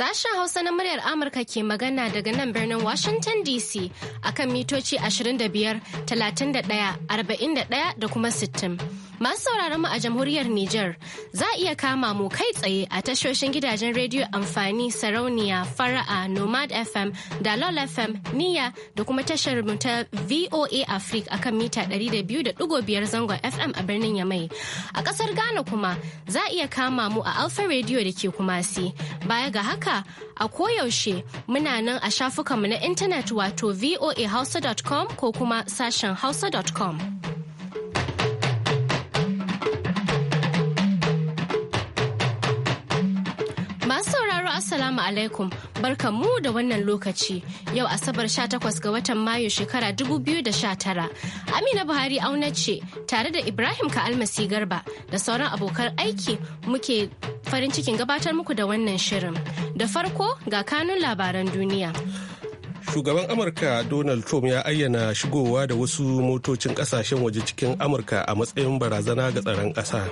Sashen Hausa na muryar Amurka ke magana daga nan birnin Washington DC akan mitoci 25, 31, 41 da kuma 60. Masu sauraron mu a jamhuriyar Nijar za a iya kama mu kai tsaye a tashoshin gidajen rediyo amfani sarauniya fara'a Nomad FM Dalol FM niya da kuma tashar mu ta VOA Africa akan mita 200.5 zangon FM a birnin Yamai. A ƙasar Ghana kuma za a iya kama mu a Alpha Radio da ke Kumasi. Baya ga haka haka a koyaushe muna nan a mu na intanet wato voahausa.com ko kuma sashen hausa.com. Masu sauraro Assalamu alaikum mu da wannan lokaci yau Asabar 18 ga watan Mayu shekara 2019. Amina Buhari auna ce tare da Ibrahim Ka'almasi Garba da sauran abokan aiki muke farin cikin gabatar muku da wannan shirin. Da farko ga kanun labaran duniya. Shugaban Amurka Donald Trump ya ayyana shigowa da wasu motocin kasashen waje cikin Amurka a matsayin barazana ga tsaron ƙasa.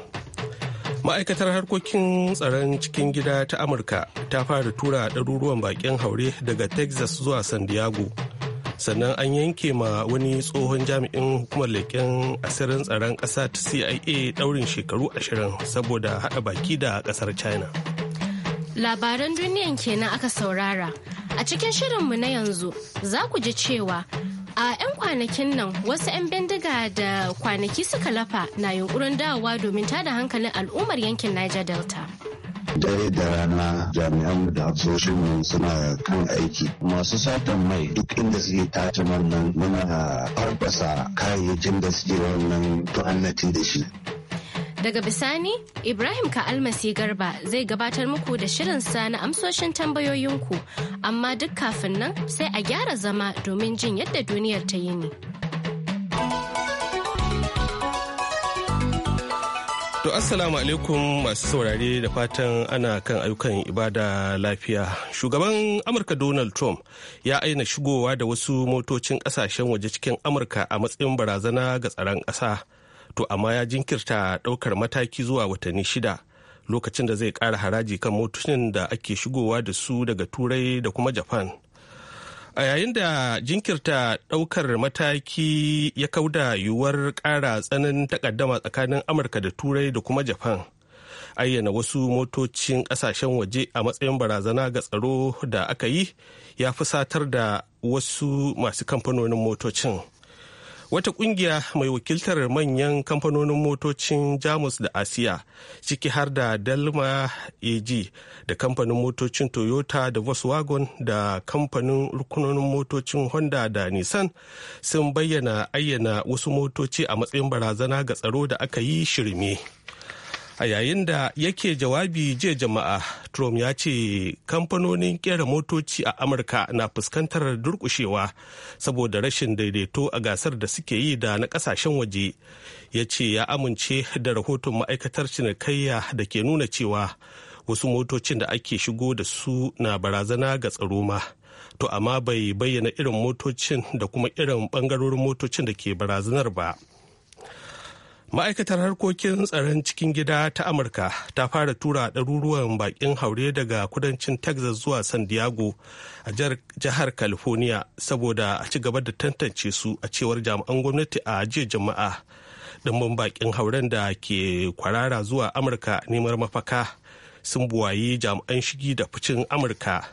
Ma'aikatar harkokin tsaron cikin gida ta Amurka ta fara tura ɗaruruwan baƙin haure daga Texas zuwa San Diego. sannan an yanke ma wani tsohon jami'in hukumar leƙen asirin tsaron ƙasa ta cia ɗaurin shekaru ashirin saboda haɗa baki da ƙasar china labaran duniyan kenan aka saurara a cikin shirinmu na yanzu za ku ji cewa a 'yan kwanakin nan wasu 'yan bindiga da kwanaki suka lafa na yunkurin dawowa domin tada hankalin al'ummar yankin niger delta dare da rana jami'an da hafsoshin suna kan aiki masu satan mai duk inda suke tace wannan muna farfasa kayayyakin da suke wannan tu'annati da shi Daga bisani, Ibrahim Ka'almasi Garba zai gabatar muku da shirinsa na amsoshin tambayoyinku, amma duk kafin nan sai a gyara zama domin jin yadda duniyar ta yi ne. To assalamu alaikum masu saurare da fatan ana kan ayyukan ibada lafiya. Shugaban Amurka Donald Trump ya aina shigowa da wasu motocin kasashen waje cikin Amurka a matsayin barazana ga tsaron ƙasa. To amma ya jinkirta ɗaukar mataki zuwa watanni shida lokacin da zai ƙara haraji kan motocin da ake shigowa da su daga Turai da kuma Japan. a yayin da jinkirta ɗaukar mataki ya kauda yiwuwar ƙara tsanin takaddama tsakanin amurka da turai da kuma japan ayyana wasu motocin ƙasashen waje a matsayin barazana ga tsaro da aka yi ya fusatar da wasu masu kamfanonin motocin. wata kungiya mai wakiltar manyan kamfanonin motocin jamus da asiya ciki har da dalma ag da kamfanin motocin toyota da volkswagen da kamfanin rukunonin motocin honda da nissan sun bayyana ayyana wasu motoci a matsayin barazana ga tsaro da aka yi shirme a yayin da yake jawabi jiya jama'a trump ya ce kamfanonin kera motoci a amurka na fuskantar durkushewa saboda rashin daidaito a gasar da suke yi da na kasashen waje ya ce ya amince da rahoton ma'aikatar cinikayya da ke nuna cewa wasu motocin da ake shigo da su na barazana ga tsaro ma to amma bai bayyana irin motocin da kuma irin bangarorin motocin da ke barazanar ba. ma'aikatar harkokin tsaron cikin gida ta amurka ta fara tura ɗaruruwan bakin haure daga kudancin texas zuwa san diego a jihar california saboda a ci gaba da tantance su a cewar jami'an gwamnati a jiya jama'a ɗimbin bakin hauren da ke kwarara zuwa amurka neman mafaka sun buwayi jami'an shigi da ficin amurka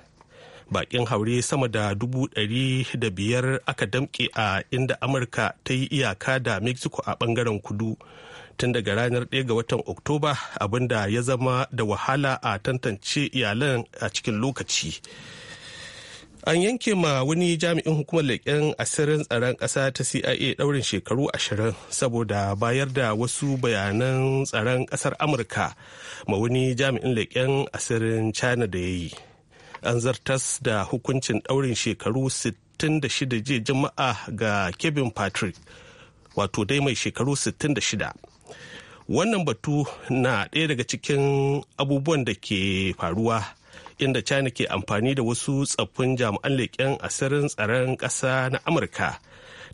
bakin haure sama da dubu ɗari da biyar aka damƙe a inda amurka ta yi iyaka da mexico a ɓangaren kudu tun daga ranar ɗaya ga watan oktoba abinda ya zama da wahala a tantance iyalan a cikin lokaci an yanke ma wani jami'in hukumar leƙen asirin tsaron ƙasa ta cia ɗaurin shekaru ashirin saboda bayar da wasu bayanan tsaron ƙasar amurka ma wani jami'in leƙen asirin china da ya yi an zartas da hukuncin ɗaurin shekaru 66 je jama'a ga kevin patrick wato dai mai shekaru 66 wannan batu na ɗaya daga cikin abubuwan da ke faruwa inda china ke amfani da wasu tsaffin jami'an leƙen asirin tsaron ƙasa na amurka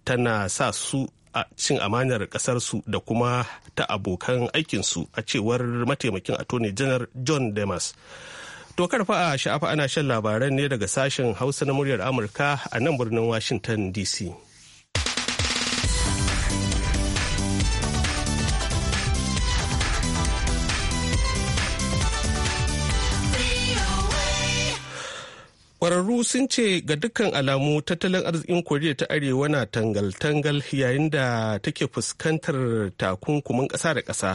tana sa su a cin amanar ƙasarsu da kuma ta abokan aikinsu a cewar mataimakin attorney general john demas To karfa a sha'afa ana shan labaran ne daga sashen Hausa na muryar Amurka a nan birnin Washington DC. kwararru sun ce ga dukkan alamu tattalin arzikin koriya ta arewa na tangal-tangal yayin da take fuskantar takunkumin ƙasa da ƙasa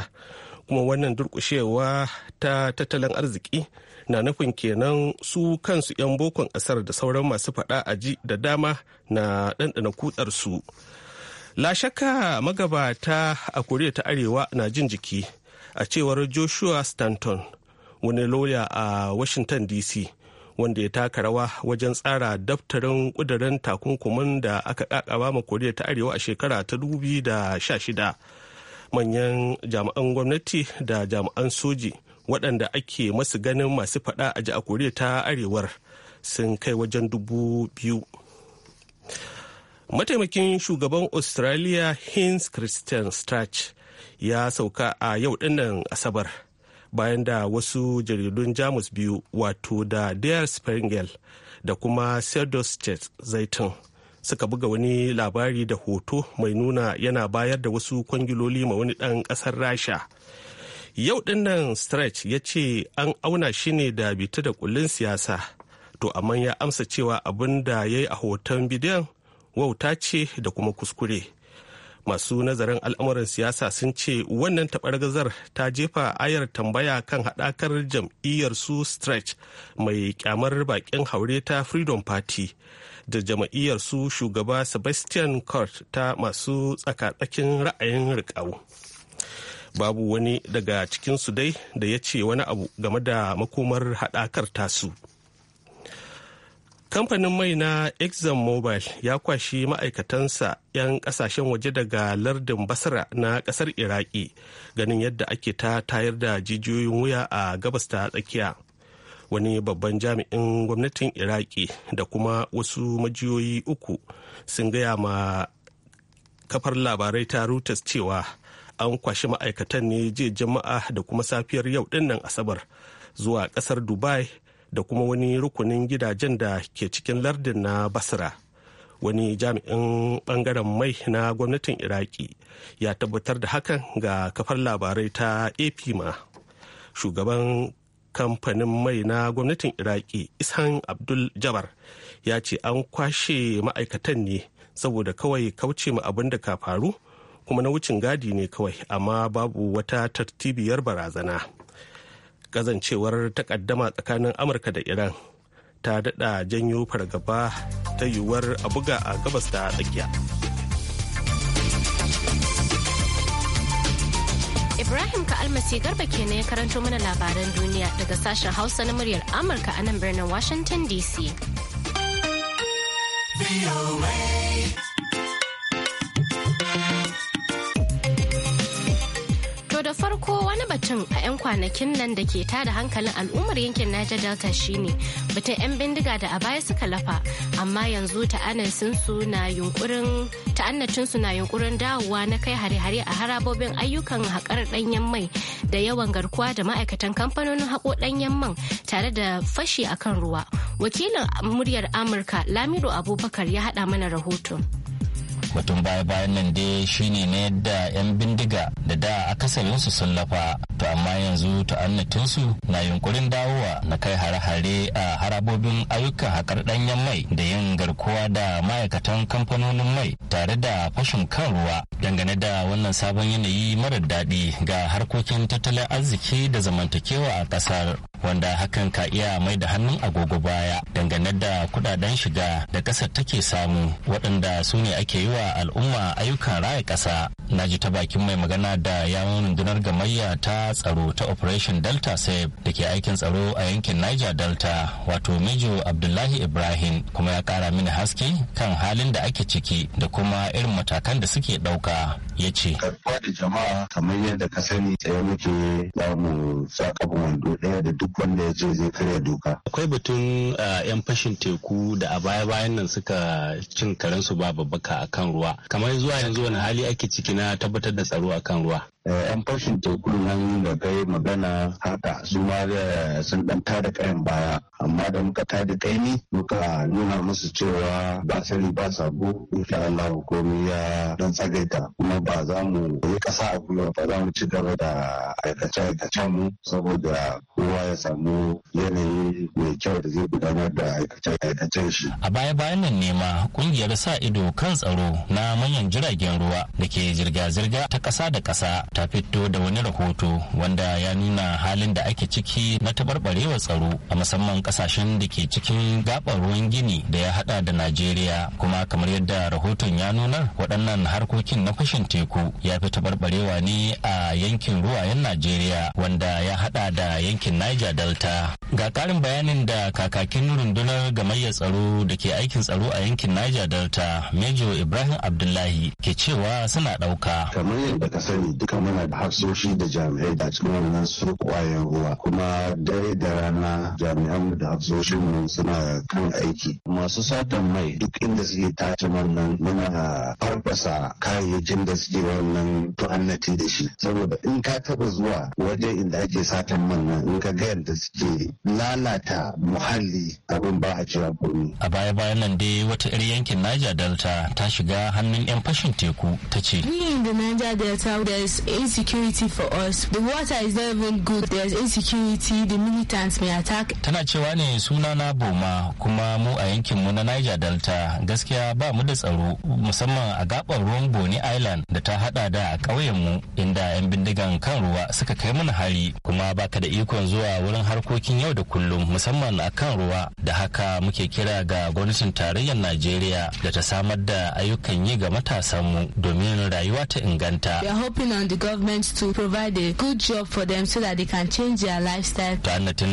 kuma wannan durƙushewa ta tattalin arziki na nufin kenan su kansu 'yan bokon ƙasar da sauran masu faɗa a ji da dama na ɗanɗana kutsar su la shakka magabata a koriya ta arewa na jin jiki a cewar joshua stanton wani lauya a washington dc wanda ya taka rawa wajen tsara daftarin kudirin takunkumin da aka kakaba ma koriya ta arewa a shekara ta da 2016 manyan jami'an gwamnati da jami'an soji waɗanda ake masu ganin masu faɗa a ji a koriya ta arewar sun kai wajen dubu biyu mataimakin shugaban australia hins christian strach ya sauka a yau dinnan asabar bayan da wasu jaridun jamus biyu wato da der springel da kuma sedostet zaitun suka buga wani labari da hoto mai nuna yana bayar da wasu kwangiloli ma wani ɗan ƙasar rasha yau dinnan stretch ya ce an auna shi ne da bita da kullun siyasa to amma ya amsa cewa abin da ya yi a hoton bidiyon wauta ce da kuma kuskure masu nazarin al'amuran siyasa sun ce wannan taɓargazar ta jefa ayar tambaya kan haɗakar jam'iyyar su stretch mai kyamar baƙin haure ta freedom party da jam'iyyar su shugaba sebastian court ta masu tsaka-tsakin ra'ayin riƙau babu wani daga cikinsu dai da ya ce wani abu game da makomar haɗakar tasu kamfanin mai na exxon mobil ya kwashi ma'aikatansa 'yan kasashen waje daga lardin basra na ƙasar iraki ganin yadda ake ta tayar da jijiyoyin wuya a gabas ta tsakiya wani babban jami'in gwamnatin iraki da kuma wasu majiyoyi uku sun gaya ma kafar labarai ta reuters cewa an kwashi ma'aikatan ne jiya jama'a da kuma safiyar yau dinnan asabar zuwa kasar dubai da kuma wani rukunin gidajen da ke cikin lardin na basra wani jami'in bangaren mai na gwamnatin iraki ya tabbatar da hakan ga kafar labarai ta ap ma shugaban kamfanin mai na gwamnatin iraki ishan abdul jabar ya ce an kwashe ma'aikatan ne saboda kawai kauce ma abin da ka faru kuma na wucin gadi ne kawai amma babu wata tartibiyar barazana kazancewar takaddama tsakanin amurka da iran ta dada janyo fargaba ta yiwuwar a buga a gabas ta tsakiya ibrahim ka almasi garba kenan ya karanto mana labaran duniya daga sashen hausa na muryar amurka a nan birnin washington dc da farko wani batun a 'yan kwanakin nan da ke tada hankalin al'ummar yankin Niger Delta shine batun 'yan bindiga da a baya suka lafa amma yanzu ta'annacinsu na yunkurin dawowa na kai hare-hare a harabobin ayyukan haƙar ɗanyen mai da yawan garkuwa da ma'aikatan kamfanonin haƙo ɗanyen man tare da fashi akan ruwa. Wakilin muryar Amurka Lamido Abubakar ya haɗa mana rahoton. batun baya-bayan nan dai shine ne yadda 'yan bindiga da da akasarinsu sun lafa to amma yanzu ta'annatinsu na yunkurin dawowa na kai hare-hare a harabobin ayyukan haƙar ɗanyen mai da yin garkuwa da ma'aikatan kamfanonin mai tare da fashin kan ruwa dangane da wannan sabon yanayi marar daɗi ga harkokin tattalin arziki da zamantakewa a ƙasar wanda hakan ka iya mai da hannun agogo baya dangane da kudaden shiga da kasar take samu waɗanda su ne ake yi wa al'umma ayyukan raya ƙasa na ji ta bakin mai magana da yawon rundunar gamayya ta tsaro ta operation delta save da ke aikin tsaro a yankin niger delta wato mejo abdullahi ibrahim kuma ya ƙara mini haske kan halin da ake ciki da kuma irin matakan da suke ɗauka ya ce jama'a kamar yadda ka sani muke za mu sa wando ɗaya da duk wanda ya je zai karya doka. Akwai batun ah, yan fashin teku da a baya-bayan nan suka cin karensu ba babbaka a kan ruwa. Kamar zuwa yanzu wani hali ake ciki na tabbatar da tsaro a kan ruwa. 'yan eh, fashin teku nan da kai magana haka su ma sun dan tada kayan baya amma da muka tada kaini muka nuna musu cewa ba sani ba sabo insha Allah komai ya dan tsagaita kuma ba za mu yi kasa a gwiwa ba za mu ci gaba da aikace aikace mu saboda kowa ya samu yanayi mai kyau da zai gudanar da aikace aikacen shi a baya bayan nan ne ma kungiyar sa ido kan tsaro na manyan jiragen ruwa da ke zirga-zirga ta ƙasa da ƙasa. ta fito da wani rahoto wanda ya nuna halin da ake ciki na tabarbarewar tsaro a musamman kasashen da ke cikin gabar ruwan gini da ya hada da najeriya kuma kamar yadda rahoton ya nuna waɗannan harkokin na fashin teku ya fi tabarbarewa ne a yankin ruwayen najeriya wanda ya hada da yankin niger delta ga karin bayanin da kakakin rundunar gamayyar tsaro da ke aikin tsaro a yankin niger delta major ibrahim abdullahi ke cewa suna ɗauka kamar yadda ka sani duka muna da hafsoshi da jami'ai da cikin wannan su kwayan ruwa kuma dare da rana jami'an da hafsoshin mu suna kan aiki masu satan mai duk inda suke tace wannan muna farfasa kayayyakin da suke wannan tuhannati da shi saboda in ka taba zuwa wajen inda ake satan man nan in ka ga yadda suke lalata muhalli abin ba a cewa komi a baya bayan nan dai wata 'yar yankin Niger Delta ta shiga hannun 'yan fashin teku ta ce. We da the Delta, insecurity for us. The water is not even good. There's insecurity. The militants may attack. Tana cewa ne suna na Boma kuma mu a yankin mu na Niger Delta gaskiya ba mu da tsaro musamman a gabar ruwan Boni Island da ta hada da ƙauyen mu inda 'yan bindigan kan ruwa suka kai mana hari kuma baka da ikon zuwa wurin harkokin yau da kullum musamman a kan ruwa da haka muke kira ga gwamnatin tarayyar Najeriya da ta samar da ayyukan yi ga matasan mu domin rayuwa ta inganta. We the government to provide a good job for them so that they can change their lifestyle.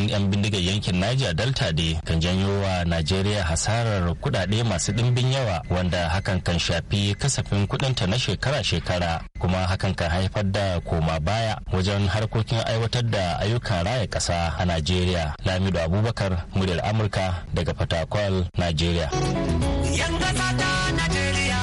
'yan bindigar yankin Niger Delta dai kan janyo wa Najeriya hasarar kudade masu ɗimbin yawa wanda hakan kan shafi kasafin ta na shekara-shekara kuma hakan kan haifar da koma baya wajen harkokin aiwatar da ayyukan raya ƙasa a Najeriya. Lamido Abubakar, muryar Amurka daga Fatakwal, Najeriya. Yan ƙasa ta Najeriya.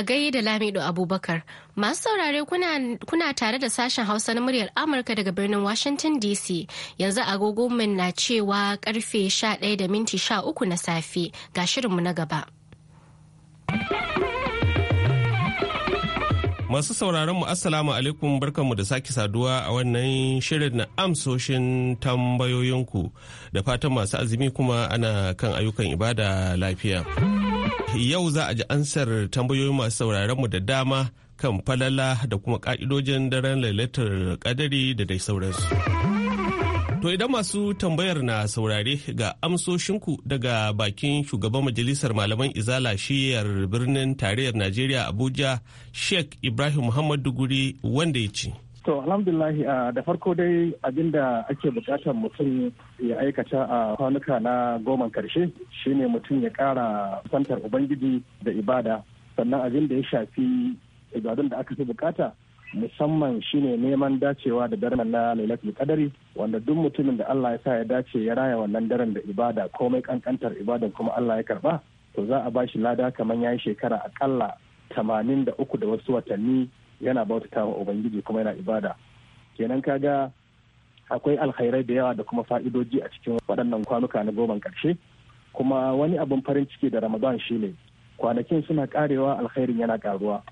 A gai da Lamido Abubakar, masu saurare kuna, tare da sashen Hausa na muryar Amurka daga birnin Washington DC. Yanzu agogo min na cewa karfe 11 da minti 13 na safe ga shirinmu na gaba. Masu sauraronmu Assalamu alaikum barkanmu da sake saduwa a wannan shirin na amsoshin tambayoyinku da fatan masu azumi kuma ana kan ayyukan ibada lafiya. yau za a ji ansar tambayoyin masu mu da dama kan falala da kuma ka'idojin daren lalatar kadari da dai sauransu. To idan masu tambayar na saurare ga amsoshinku daga bakin shugaban majalisar malaman izala shiyar birnin tarayyar Najeriya Abuja Sheikh Ibrahim Muhammad Duguri wanda ya ce. To alhamdulahi da farko dai abinda ake bukatar mutum ya aikata a kwanuka na goman karshe shine mutum ya kara santar ubangiji da ibada sannan abin da ya shafi ibadun da aka fi bukata musamman shine neman dacewa da daren na lailatul kadari wanda duk mutumin da Allah ya sa ya dace ya raya wannan daren da ibada komai kankantar ibadan kuma Allah ya karba to za a bashi lada kamar yayi shekara akalla tamanin da uku da wasu watanni yana bautata wa ubangiji kuma yana ibada kenan kaga akwai alkhairai da yawa da kuma fa'idoji a cikin waɗannan kwanuka na goman ƙarshe kuma wani abin farin ciki da ramadan shine kwanakin suna karewa alkhairin yana karuwa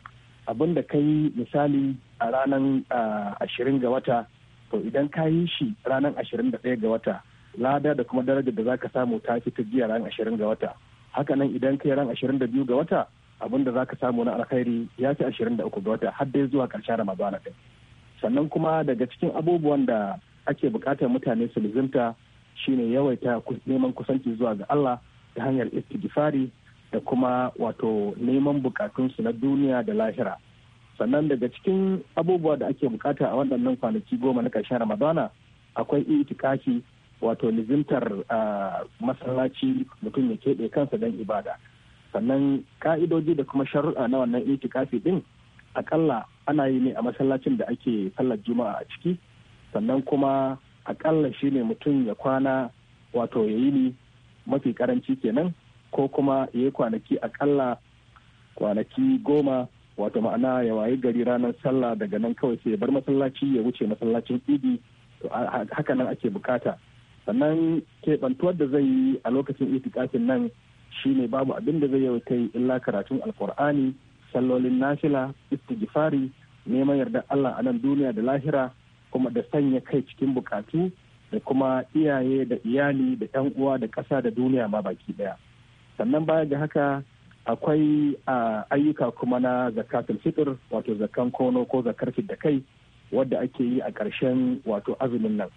abin da ka yi misali a ranar ah, ashirin ga wata to idan ka yi shi ranar ashirin da ɗaya ga wata lada da kuma darajar da za ka samu ta fi ta jiya ran ashirin ga wata hakanan idan kai ran ashirin da biyu ga wata abin da za ka samu na alkhairi ya fi ashirin da uku ga wata har dai zuwa karshen ramadana ɗin sannan kuma daga cikin abubuwan da ake bukatar mutane su lizimta shine yawaita neman kusanci zuwa ga Allah ta hanyar istighfari da kuma wato neman bukatunsu na duniya da lahira sannan daga cikin abubuwa da ake bukata a waɗannan kwanaki goma na karshen ramadana akwai itikaki wato lizimtar ah, masallaci mutum ya keɓe kansa don ibada sannan ka'idoji da kuma sharuɗa na wannan itikafi din akalla ana yi ne a masallacin da ake sallar juma'a a ciki sannan kuma akalla ne mutum ya kwana wato ya yi ni mafi karanci kenan ko kuma ya yi kwanaki akalla kwanaki goma wato ma'ana ya wayi gari ranar sallah daga nan kawai sai ya bar masallaci ya wuce masallacin idi haka nan ake bukata sannan keɓantuwar da zai yi a lokacin itikafin nan Shi ne babu abin da zai yawaita yi illa karatun alkur'ani sallolin nafila istighfari neman yardar Allah a nan duniya da lahira kuma da sanya kai cikin bukatu da kuma iyaye da iyali da yan uwa da ƙasa da duniya ma baki daya sannan baya ga haka akwai ayyuka kuma na zakatul fitr wato zakan kono ko zakar da kai wadda ake yi a ƙarshen wato azumin nan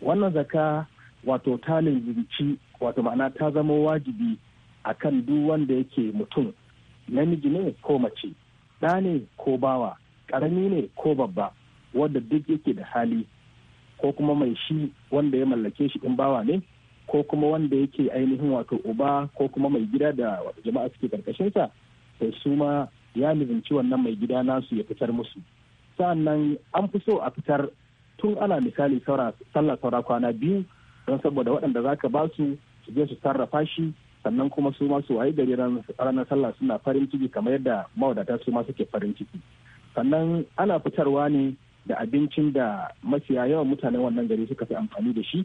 wannan zaka wato talin zinci wato ma'ana ta zama wajibi a kan duk wanda yake mutum namiji ne ko mace ɗa ne ko bawa ƙarami ne ko babba wanda duk yake da hali ko kuma mai shi wanda ya mallake shi in bawa ne ko kuma wanda yake ainihin wato uba ko kuma mai gida da jama'a suke karkashinsa to su ma ya nizinci wannan mai gida nasu ya fitar musu sa'annan an fi so a fitar tun ana misali sallah saura kwana biyu don saboda waɗanda za ka ba su su je su sarrafa shi sannan kuma su ma su wayi gari ranar sallah suna farin ciki kamar yadda mawadata su ma suke farin ciki sannan ana fitarwa ne da abincin da mafiya yawan mutanen wannan gari suka fi amfani da shi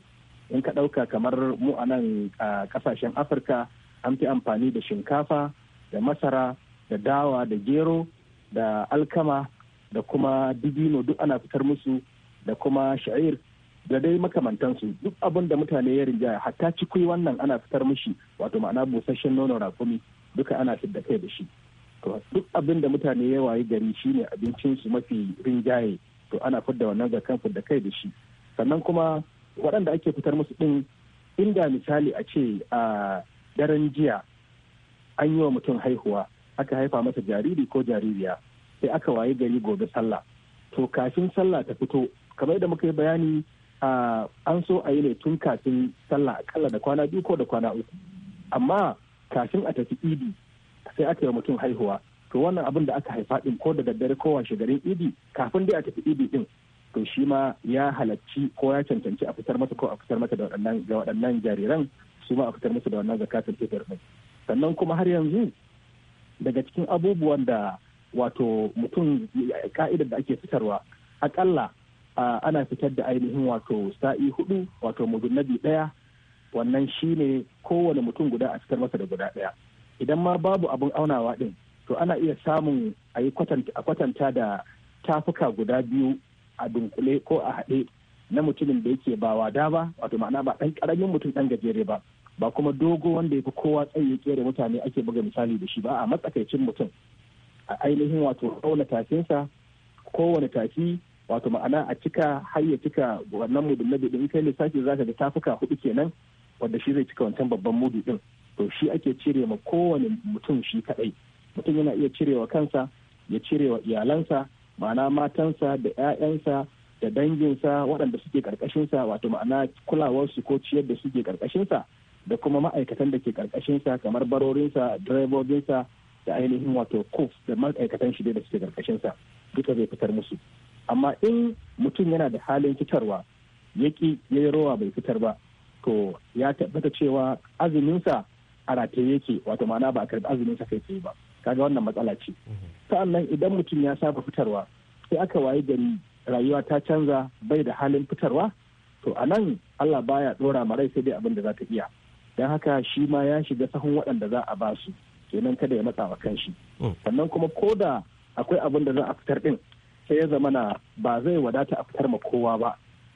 in ka ɗauka kamar mu a nan kasashen afirka an fi amfani da shinkafa da masara da dawa da gero da alkama da kuma dibino duk ana fitar musu da kuma sha'ir da dai makamantansu duk abin da mutane ya rinjaya hatta cikui wannan ana fitar mishi wato ma'ana busasshen nono rakumi duka ana fidda kai da shi duk abin da mutane ya wayi gari shine abincinsu mafi rinjaye to ana da wannan ga kan da kai da shi sannan kuma waɗanda ake fitar musu ɗin inda misali a ce a daren jiya an yi wa mutum haihuwa aka haifa masa jariri ko jaririya sai aka waye gari gobe sallah to kafin sallah ta fito kamar da muka yi bayani an so a yi ne tun kafin sallah akalla da kwana biyu ko da kwana uku amma kafin a tafi idi sai aka yi mutum haihuwa to wannan abin da aka haifa din ko da daddare ko washe garin idi kafin dai a tafi idi din to shi ma ya halarci ko ya cancanci a fitar masa ko a fitar masa da waɗannan ga waɗannan jariran su ma a fitar masa da wannan zakatul fitar din sannan kuma har yanzu daga cikin abubuwan da wato mutum ka'idar da ake fitarwa akalla ana fitar da ainihin wato sa'i hudu wato mudunnabi daya wannan shine kowane mutum guda a cikin masa da guda daya idan ma babu abin aunawa din to ana iya samun a yi kwatanta da tafuka guda biyu a dunkule ko a haɗe na mutumin da yake ba wada ba wato ma'ana ba ɗan ƙaramin mutum ɗan gajere ba ba kuma dogo wanda ya fi kowa tsayi ya kere mutane ake buga misali da shi ba a matsakaicin mutum a ainihin wato auna tafinsa kowane tafi wato ma'ana a cika har ya cika wannan mudu na in kai lissafi ka ga tafuka hudu kenan wanda shi zai cika wancan babban mudu din to shi ake cire ma kowane mutum shi kadai mutum yana iya cirewa kansa ya cirewa iyalansa ma'ana matansa da 'ya'yansa da danginsa waɗanda suke ƙarƙashinsa wato ma'ana kulawarsu ko ciyar da suke ƙarƙashinsa da kuma ma'aikatan da ke ƙarƙashinsa kamar barorinsa direbobinsa da ainihin wato kuf da ma'aikatan shi da suke ƙarƙashinsa duka zai fitar musu amma in mutum yana da halin fitarwa ya ki ya yi rowa bai fitar ba to ya tabbata cewa azuminsa a rataye yake wato ma'ana ba a karbi azuminsa kai tsaye ba kaga wannan matsala ce sa'annan idan mutum ya saba fitarwa sai aka waye gari rayuwa ta canza bai da halin fitarwa to a nan allah baya tsorama rai sai dai abin da za ta iya don haka shi ma ya shiga sahun waɗanda za a basu kenan kada ya matsa wa kanshi mm. sannan kuma ko da akwai abin da za a fitar ɗin sai ya zama na ba zai wadata a fitar ma kowa ba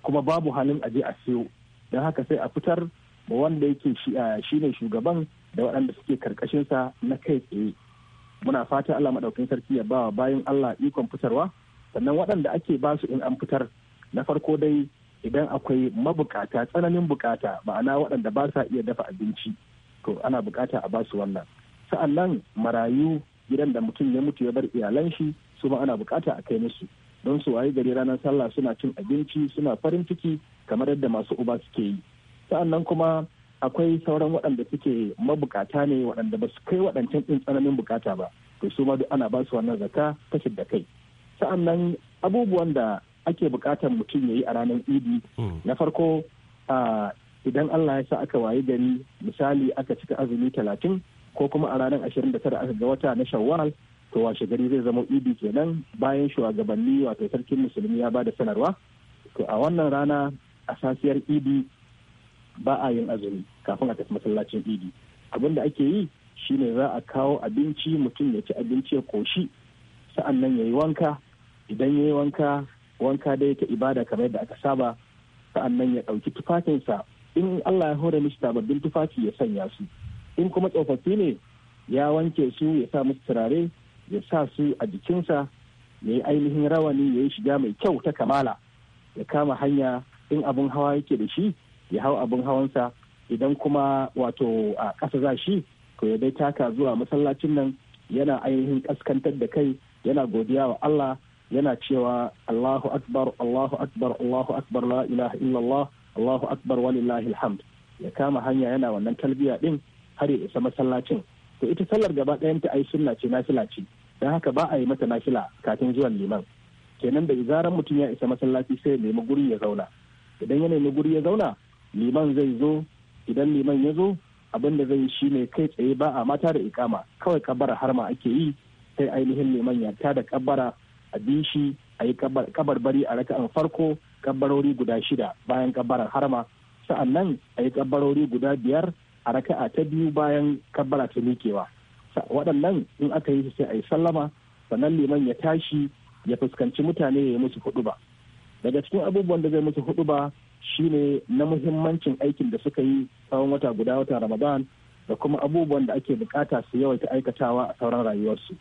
kuma babu halin aje a siyo don haka sai a fitar ma wanda yake shi ne shugaban da waɗanda suke karkashinsa na kai tsaye muna fata allah maɗaukin sarki ya bawa bayan allah ikon fitarwa sannan waɗanda ake ba su in an fitar na farko dai idan akwai mabukata tsananin bukata ma'ana waɗanda ba sa iya dafa abinci to ana bukata a ba su wannan sa'annan marayu gidan da mutum ya mutu ya bar iyalan shi su ma ana bukata a kai musu don su wayi gari ranar sallah suna cin abinci suna farin ciki kamar yadda masu uba suke yi sa'annan kuma akwai sauran waɗanda suke mabukata ne waɗanda ba su kai waɗancan ɗin tsananin bukata ba to su ma duk ana ba su wannan zaka ta da kai sa'annan abubuwan da ake bukatar mutum ya yi a ranar idi hmm. na farko idan allah ya sa aka wayi gari misali aka cika azumi talatin ko kuma a ranar ashirin da tara aka ga wata na shawwal to washe gari zai zama idi kenan bayan shugabanni wato sarkin musulmi ya bada sanarwa to a wannan rana a safiyar idi ba a yin azumi kafin a tafi masallacin idi abin da ake yi shine za a kawo abinci mutum ya ci abinci ya koshi sa'an nan ya yi wanka idan ya yi wanka wanka da ta ibada kamar yadda aka saba sa'an nan ya ɗauki tufafinsa in allah ya hore mishi sababbin tufafi ya sanya su in kuma tsofaffi ne ya wanke su ya sa musu turare ya sa su a jikinsa ya yi ainihin rawani ya yi shiga mai kyau ta kamala ya kama hanya in abin hawa yake da shi ya hau abin hawansa idan kuma wato a ƙasa za shi ko ya bai taka zuwa masallacin nan yana ainihin ƙaskantar da kai yana godiya wa Allah yana cewa Allahu akbar Allahu akbar Allahu akbar la ilaha illallah Allahu akbar walillahi alhamd ya kama hanya yana wannan talbiya din har ya isa masallacin to ita sallar gaba ta ai sunna ce nafila ce don haka ba a yi mata nafila kafin zuwan liman kenan da zaran mutum ya isa masallaci sai ya nemi guri ya zauna idan ya nemi guri ya zauna liman zai zo idan liman ya zo abin da zai yi shine kai tsaye ba a mata da ikama kawai kabara har ma ake yi sai ainihin liman ya tada kabara a bi shi a yi kabar bari a raka'an farko kabarori guda shida bayan kabarar harma sa'an nan a yi kabarori guda biyar a raka'a ta biyu bayan Kabbala ta mikewa waɗannan in aka yi su sai a yi sallama sannan liman ya tashi ya fuskanci mutane ya yi musu huɗuba daga cikin abubuwan da zai musu huɗuba ne na muhimmancin aikin da suka yi tsawon wata guda wata ramadan da kuma abubuwan da ake bukata su yawaita aikatawa a sauran rayuwarsu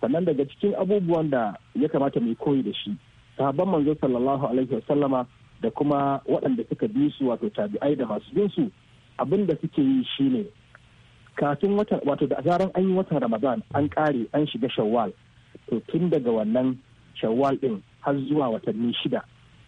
sannan daga cikin abubuwan da ya kamata mai koyi da shi sahabban manzo sallallahu alaihi wasallama da kuma waɗanda suka bi su wato tabi'ai da masu bin su abin da suke yi shine kafin watan wato da zaran an yi watan ramadan an kare an shiga shawwal to tun daga wannan shawwal din har zuwa watanni shida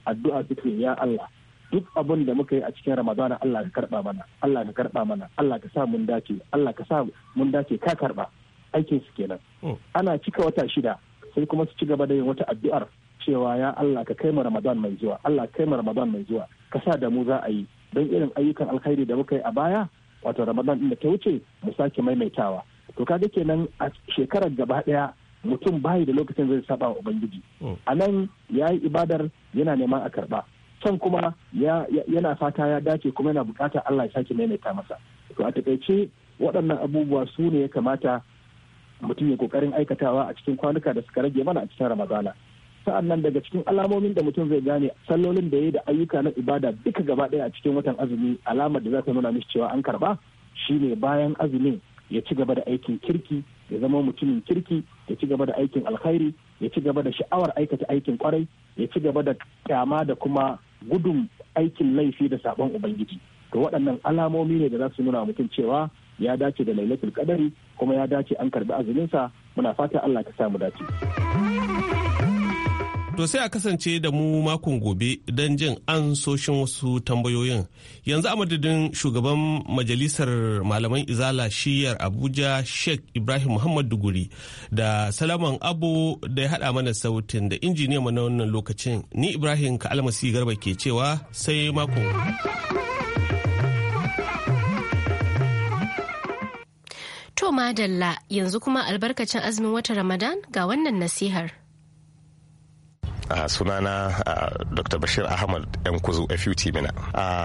addu'a suke ya Allah duk abin da muka yi a cikin ramadan Allah ka karba mana Allah ka karba mana Allah ka sa mun dace Allah ka sa mun dace ka karba aikin su kenan hmm. ana cika wata shida sai kuma su ci gaba da yin wata addu'ar cewa ya Allah ka kai mu ramadan mai zuwa Allah ka kai mu ramadan mai zuwa ka sa da mu za a yi don irin ayyukan alkhairi da muka yi a baya wato ramadan din da ta wuce mu sake maimaitawa to kaga kenan a shekarar gaba daya mutum bayi da lokacin zai saba wa ubangiji hmm. a nan ya yi ibadar yana neman a karba can kuma yana fata ya dace kuma yana bukata allah ya sake maimaita masa to a takaice waɗannan abubuwa su ne ya kamata mutum ya kokarin aikatawa a cikin kwanuka da suka rage mana a cikin ramadana sa'an nan daga cikin alamomin da mutum zai gane sallolin da ya yi da ayyuka na ibada duka gaba ɗaya a cikin watan azumi alamar da za ta nuna mishi cewa an karba ne bayan azumin ya ci gaba da aikin kirki ya zama mutumin kirki ya ci gaba da aikin alkhairi ya ci gaba da sha'awar aikata aikin kwarai ya ci gaba da kyama da kuma gudun aikin laifi da sabon ubangiji to waɗannan alamomi ne da za su nuna mutum cewa ya dace da lailatul kadari kuma ya dace an karbi azuminsa muna fata Allah ka samu dace. To sai a kasance da mu makon gobe don jin ansoshin wasu tambayoyin. Yanzu a madadin shugaban majalisar malaman izala shiyar Abuja Sheikh Ibrahim Muhammad Duguri da Salaman abu da ya hada mana sautin da injiniya mana wannan lokacin. Ni Ibrahim ka almasi garba ke cewa sai mako. To madalla yanzu kuma albarkacin azumin watan Ramadan ga wannan nasihar. sunana dr bashir ahmad yan kuzu fut mina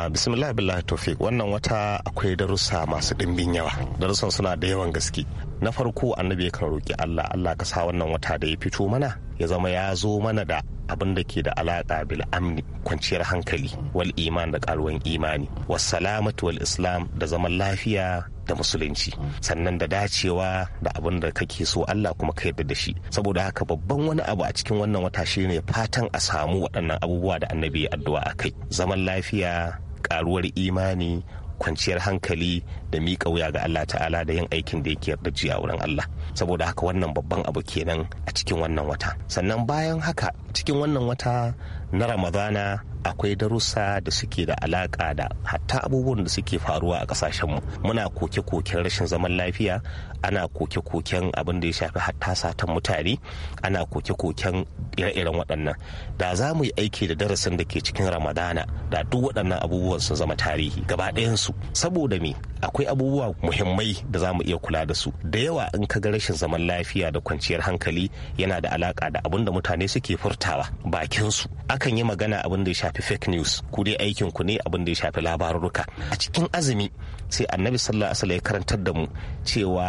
bismillah billahi tofik wannan wata akwai darussa masu ɗimbin yawa darussan suna da yawan gaske na farko annabi kan roƙi allah allah ka sa wannan wata da ya fito mana ya zama ya zo mana da abin da ke da alaƙa bil amni kwanciyar hankali wal iman da ƙaruwan imani wasalamatu wal islam da zaman lafiya da musulunci sannan da dacewa da abin da kake so Allah kuma ka yarda da shi saboda haka babban wani abu a cikin wannan wata shine fatan a samu waɗannan abubuwa da annabi ya addu'a a kai zaman lafiya karuwar imani kwanciyar hankali da miƙa wuya ga Allah ta'ala da yin aikin da yake yarda a wurin Allah saboda haka wannan babban abu kenan a cikin wannan wata sannan bayan haka cikin wannan wata na ramadana akwai darussa da suke da alaka da hatta abubuwan da suke faruwa a kasashenmu muna koke-koken rashin zaman lafiya ana koke-koken abin da ya shafi hatta satan mutane ana koke-koken ire-iren waɗannan da za mu yi aiki da darasin da ke cikin ramadana da duk waɗannan abubuwan sun zama tarihi gaba ɗayansu saboda me akwai abubuwa muhimmai da za mu iya kula da su da yawa in ka ga rashin zaman lafiya da kwanciyar hankali yana da alaka da abin da mutane suke furtawa bakinsu akan yi magana abin da ya shafi fake news ku dai aikin ku ne abin da ya shafi labarurruka a cikin azumi sai annabi sallallahu alaihi wasallam ya karantar da mu cewa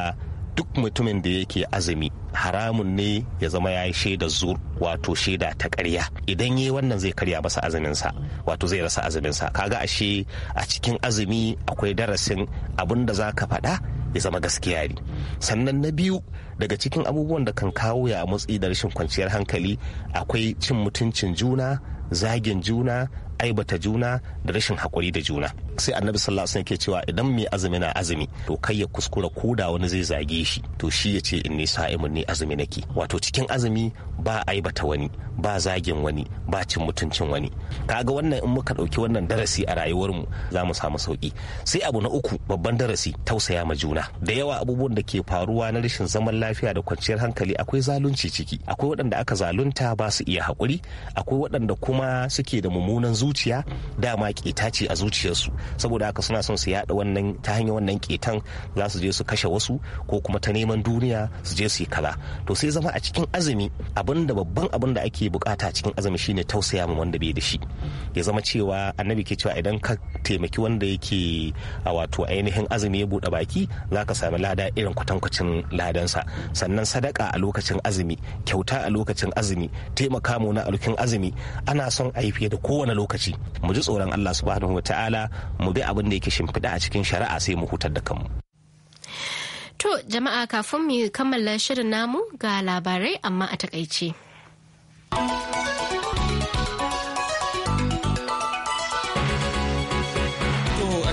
duk mutumin da yake azumi haramun ne ya zama ya yi shaida zur wato shaida ta karya idan yi wannan zai karya masa azuminsa wato zai rasa azuminsa kaga ashe a cikin azumi akwai darasin abin da za ka faɗa ya zama gaskiya ne sannan na biyu daga cikin abubuwan da kan kawo ya matsi da rashin kwanciyar hankali akwai cin mutuncin juna zagin juna aibata juna da rashin haƙuri da juna sai annabi sallallahu alaihi wasallam ke cewa idan mai azumi na azumi to kai ya kuskura ko da wani zai zage shi to shi ya ce inni sa'imun ni azumi nake wato cikin azumi ba aibata wani ba zagin wani ba cin mutuncin wani kaga wannan in muka dauki wannan darasi a rayuwarmu za mu samu sauki sai abu na uku babban darasi tausaya ma juna da yawa abubuwan da ke faruwa na rashin zaman lafiya da kwanciyar hankali akwai zalunci ciki akwai waɗanda aka zalunta ba su iya haƙuri akwai waɗanda kuma suke da mummunan zuciya dama ƙeta ce a zuciyarsu saboda haka suna son su yada wannan ta hanyar wannan ketan za su je su kashe wasu ko kuma ta neman duniya su je su yi kaza to sai zama a cikin azumi abinda babban abin da ake bukata cikin azumi shine tausaya ma wanda bai da shi ya zama cewa annabi ke cewa idan ka taimaki wanda yake a wato ainihin azumi ya bude baki za ka sami lada irin kwatankwacin ladansa sannan sadaka a lokacin azumi kyauta a lokacin azumi taimaka mu na alukin azumi ana son a yi fiye da kowane lokaci mu ji tsoron Allah subhanahu wa ta'ala mu bi abin da yake shimfiɗa a cikin shari'a sai mu hutar da kanmu to jama'a kafin mu kammala shirin namu ga labarai amma a takaice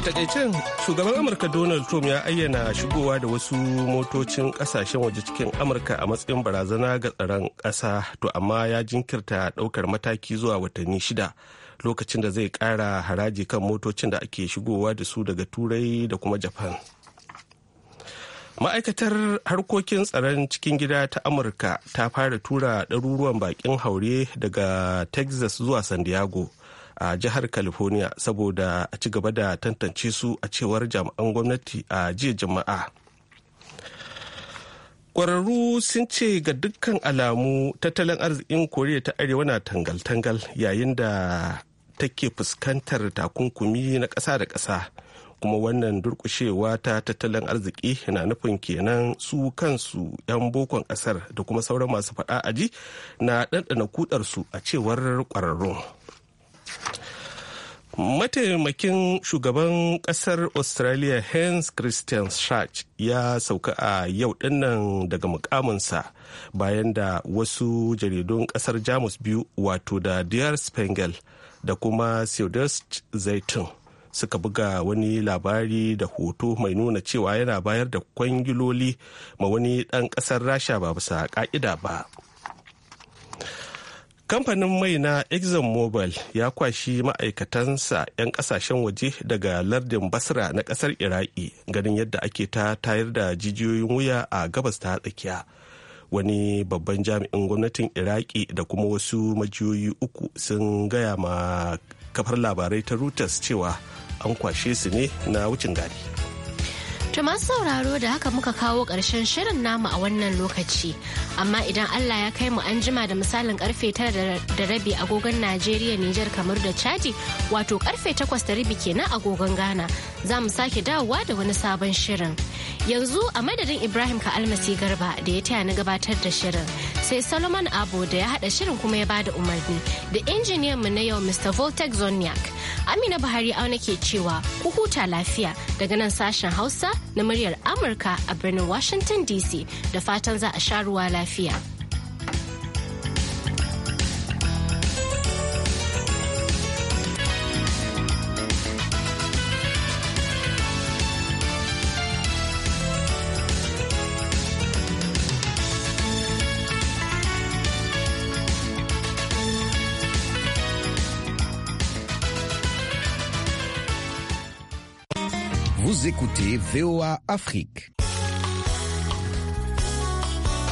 takaicin shugaban amurka donald trump ya ayyana shigowa da wasu motocin kasashen waje cikin amurka a matsayin barazana ga tsaron kasa to amma ya jinkirta ɗaukar mataki zuwa watanni shida lokacin da zai ƙara haraji kan motocin da ake shigowa da su daga turai da kuma japan ma'aikatar harkokin tsaron cikin gida ta amurka ta fara tura ɗaruruwan bakin haure daga texas zuwa san diego a jihar california saboda a ci gaba da tantance su a cewar jami'an gwamnati a jiya jama'a kwararru sun ce ga dukkan alamu tattalin arzikin koriya ta arewa na tangal-tangal yayin da take fuskantar takunkumi na ƙasa da ƙasa kuma wannan durƙushewa ta tattalin arziki na nufin kenan su kansu 'yan bokon ƙasar da kuma sauran masu faɗa aji na ɗanɗana kudarsu a cewar ƙwararrun. mataimakin shugaban ƙasar australia hans christian Schach ya sauka a yau dinnan daga mukaminsa bayan da wasu jaridun ƙasar jamus biyu wato da der spengel da kuma Sildest Zaitun suka buga wani labari da hoto mai nuna cewa yana bayar da kwangiloli ma wani ɗan ƙasar Rasha ba bisa ƙa'ida ba. kamfanin mai na mobil ya kwashi ma'aikatansa 'yan kasashen waje daga lardin basra na kasar iraki ganin yadda ake ta tayar da jijiyoyin wuya a gabas ta tsakiya wani babban jami'in gwamnatin iraki da kuma wasu majiyoyi uku sun gaya ma kafar labarai ta reuters cewa an kwashe su ne na wucin gadi. To masu sauraro da haka muka kawo ƙarshen shirin namu a wannan lokaci. Amma idan Allah ya kai mu an jima da misalin karfe tara da rabi agogon Najeriya Nijar kamar da Chadi wato karfe takwas da rabi kenan agogon Ghana za mu sake dawowa da wani sabon shirin. Yanzu a madadin Ibrahim Ka'almasi Garba da ya taya na gabatar da shirin. sai Solomon Abo da ya haɗa shirin kuma ya bada umarni da injiniyan mu na yau Mr. Voltec Zoniak. Amina Buhari auna ke cewa ku huta lafiya daga nan sashen Hausa na muryar Amurka a birnin Washington DC da fatan za a sha ruwa lafiya. écoutez VOA Afrique.